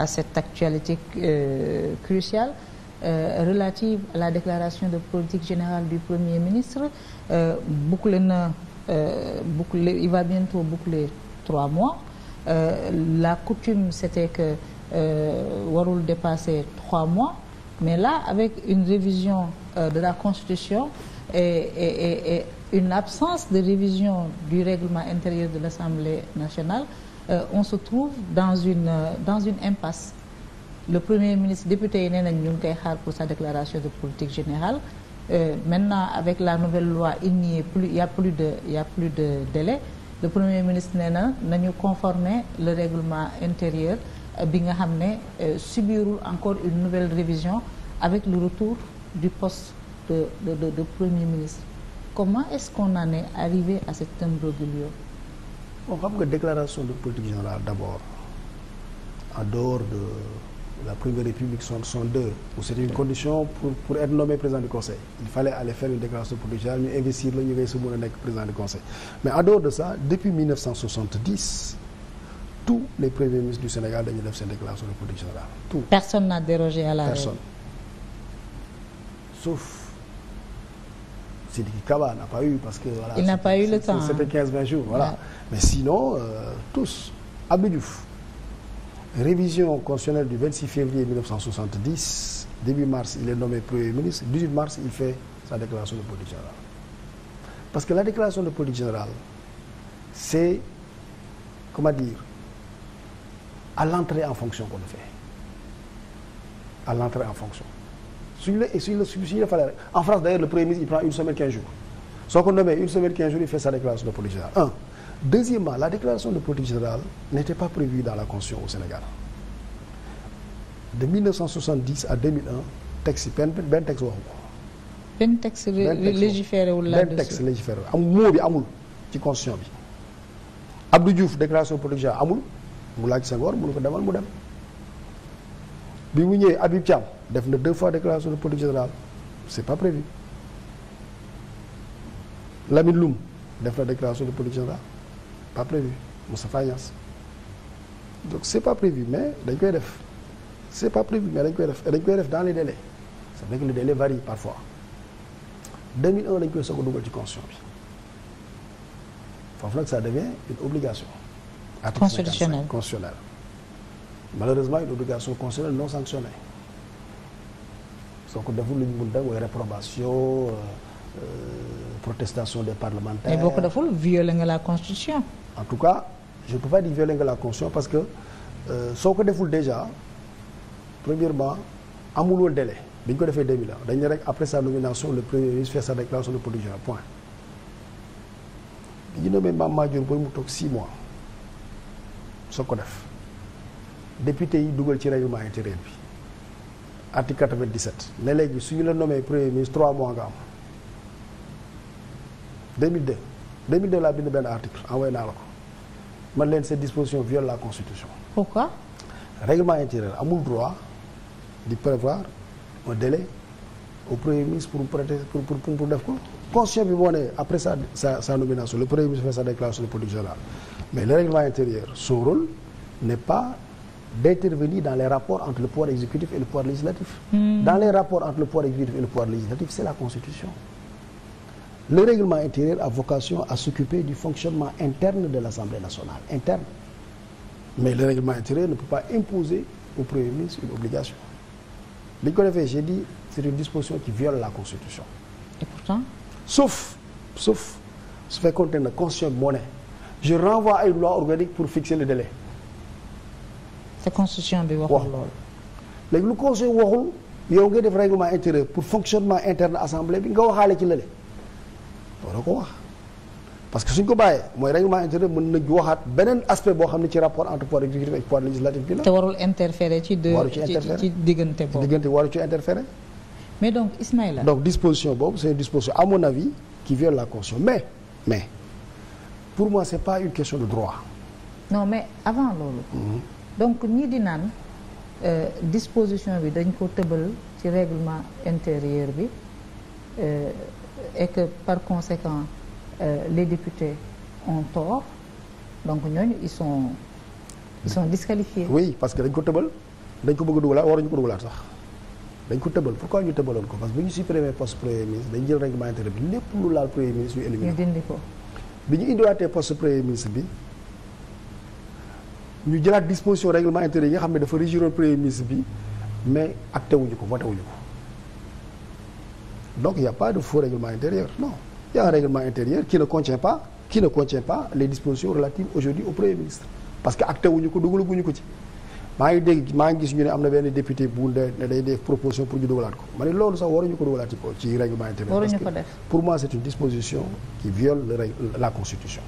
à cette actualité euh, cruciale euh, relative à la déclaration de politique générale du Premier ministre euh, boucle na euh, boucle il va bientôt boucler trois mois euh, la coutume c'était que warul dépasser trois mois mais là avec une révision de la Constitution et, et, et, et une absence de révision du règlement intérieur de l'Assemblée nationale euh, on se trouve dans une euh, dans une impasse le premier ministre député yi nee nañ ñu ngi koy xaar pour sa déclaration de politique générale euh, maintenant avec la nouvelle loi il n'y est plus il y a plus de il y délai le premier ministre nee na nañu conformer le règlement intérieur euh, bi nga xam ne euh, subirul encore une nouvelle révision avec le retour du poste de de de, de premier ministre comment est-ce qu'on en est arrivé à cet imbroglio bon xam nga déclaration de politique générale d'abord en dehors de la première république 62 où c'était une condition pour pour être nommé président du conseil il fallait aller faire une déclaration de politique ñu investir la ñu ngay su mën a nekk président du conseil mais en dehors de ça depuis 1970 tous les premiers ministres du Sénégal dañu def seen déclaration de politique générale tout personne n'a dérogé à la personne Sidiki Kaba n'a parce que voilà. Il n'a pas eu le temps. C'était 15-20 jours, voilà. Ouais. Mais sinon, euh, tous. Abdou Diouf, mars, il est nommé Premier ministre, 18 mars, il fait sa déclaration de Parce que la déclaration de politique générale, c'est, comment dire, à l'entrée en fonction qu'on suñu la suñu la la falee rek en France d'ailleurs le premier ministre il prend une semaine quinze jours soo ko nommé une semaine quinze jours il fait sa déclaration de politique générale deuxièmement la déclaration de politique générale n'était pas prévue dans la constitution au Sénégal de à 2001 texte yi benn benn texte waxu ko. benn texte légiféré wul là-dessus benn texte légiféré wul am moo bi amul ci constitution bi Abdou Diouf déclaration de politique générale amul mu laaj Senghor mu ko demal mu dem. bi mu ñëwee Habib Thiam def na deux fois déclaration de politique générale c'est pas prévu Lamine Loum def na déclaration de politique générale pas prévu Moustapha Niass donc c'est pas prévu mais dañ koy def c'est pa prévu mais dañ koy def dañ koy def dans le délais c'est vrai que le délai varie parfois 2001 lañ koy soog a dugal ci constitution bi foofu nag ça devient une obligation. constitutionnelle constitutionnelle. malheureusement une obligation constitutionnelle non sanctionnée soo ko deful lu ñu mun def mooy réprobation euh, euh, protestation des parlementaires. mais boo ko deful violer nga la constitution. en tout cas je ne peux pas dire violer nga la constitution parce que euh, soo ko deful déjà premièrement amul woon délai bi ñu ko defee 2000 dañ ne rek après sa nomination le premier ministre fait sa déclaration de politique générale point. bi ñu nommé Mame Madior mu toog 6 mois soo ko def. député yi dugal ci règlement intérieur bi article 97 ne léegi su ñu la nommé premier ministre trois mois nga am 2002 2002 laa bind benn article envoyé naa la ko man leen cette disposition viole la constitution. pourquoi. règlement intérieur amul droit di prévoir un délai au premier ministre pour prêter pour pour pour def ko. constitution bi moo ne après sa sa sa le premier ministre fait sa déclaration de politique mais le règlement intérieur son rôle pas. d'intervenir dans les rapports entre le pouvoir exécutif et le pouvoir législatif. Hmm. Dans les rapports entre le pouvoir exécutif et le pouvoir législatif, c'est la Constitution. Le règlement intérieur a vocation à s'occuper du fonctionnement interne de l'Assemblée nationale, interne. Mais le règlement intérieur ne peut pas imposer au Premier ministre une obligation. Li ko defee, j'ai dit, c'est une disposition qui viole la Constitution. Sauf, sauf su fekkoon ne constitution moo ne je renvoie pour fixer le délai. te constitution bi waxul loolu. léegi lu constitution waxul yow nga def règlement intérieur pour fonctionnement interne assemblée bi nga waxaale ci lële waroo ko wax parce que suñ ko bàyyee mooy règlement intérieur mën nañu waxaat beneen aspect boo xam ne ci rapport entre pouvoir exécutif et pouvoir législatif bi la. te warul interférer ci deux ci diggante boobu diggante waru ci interférer. mais donc Ismaïla. donc disposition boobu c'est une disposition à mon avis qui viole la constitution mais mais pour moi c'est pas une question de droit. non mais avant loolu. Mm-hmm. donc ñii di naan euh, disposition bi dañ ko tëbal ci réglement intérieur bi euh, et que par conséquent euh, les députés ont tort donc ñooñu ils sont ils sont disqualifiés. oui parce que dañ ko tëbal dañ ko bëgg a dugalaat waruñu ko dugalaat sax dañ ko tëbal pourquoi ñu tëbaloon ko parce que bu ñu supprimé poste premier ministre dañ jël règlement intérieur bi lépp lu laal premier ministre ñu ñu dindi ko bi ñu indiwaatee premier ministre bi. ñu jëlaat disposition règlement intérieur yi nga xam ne dafa régiroon premier ministre bi mais acté wuñu ko voté wuñu ko donc il y a pas de faux règlement intérieur non il y a un règlement intérieur qui ne contient pas qui ne contient pas les dispositions relatives aujourd'hui au premier ministre parce que acté wuñu ko dugalaguñu ko ci maa ngi dégg maa ngi gis ñu ne am na benn député bu ne day def pour ñu dugalaat ko ma ne loolu sax waruñu ko dugalaat ci ci règlement intérieur parce la constitution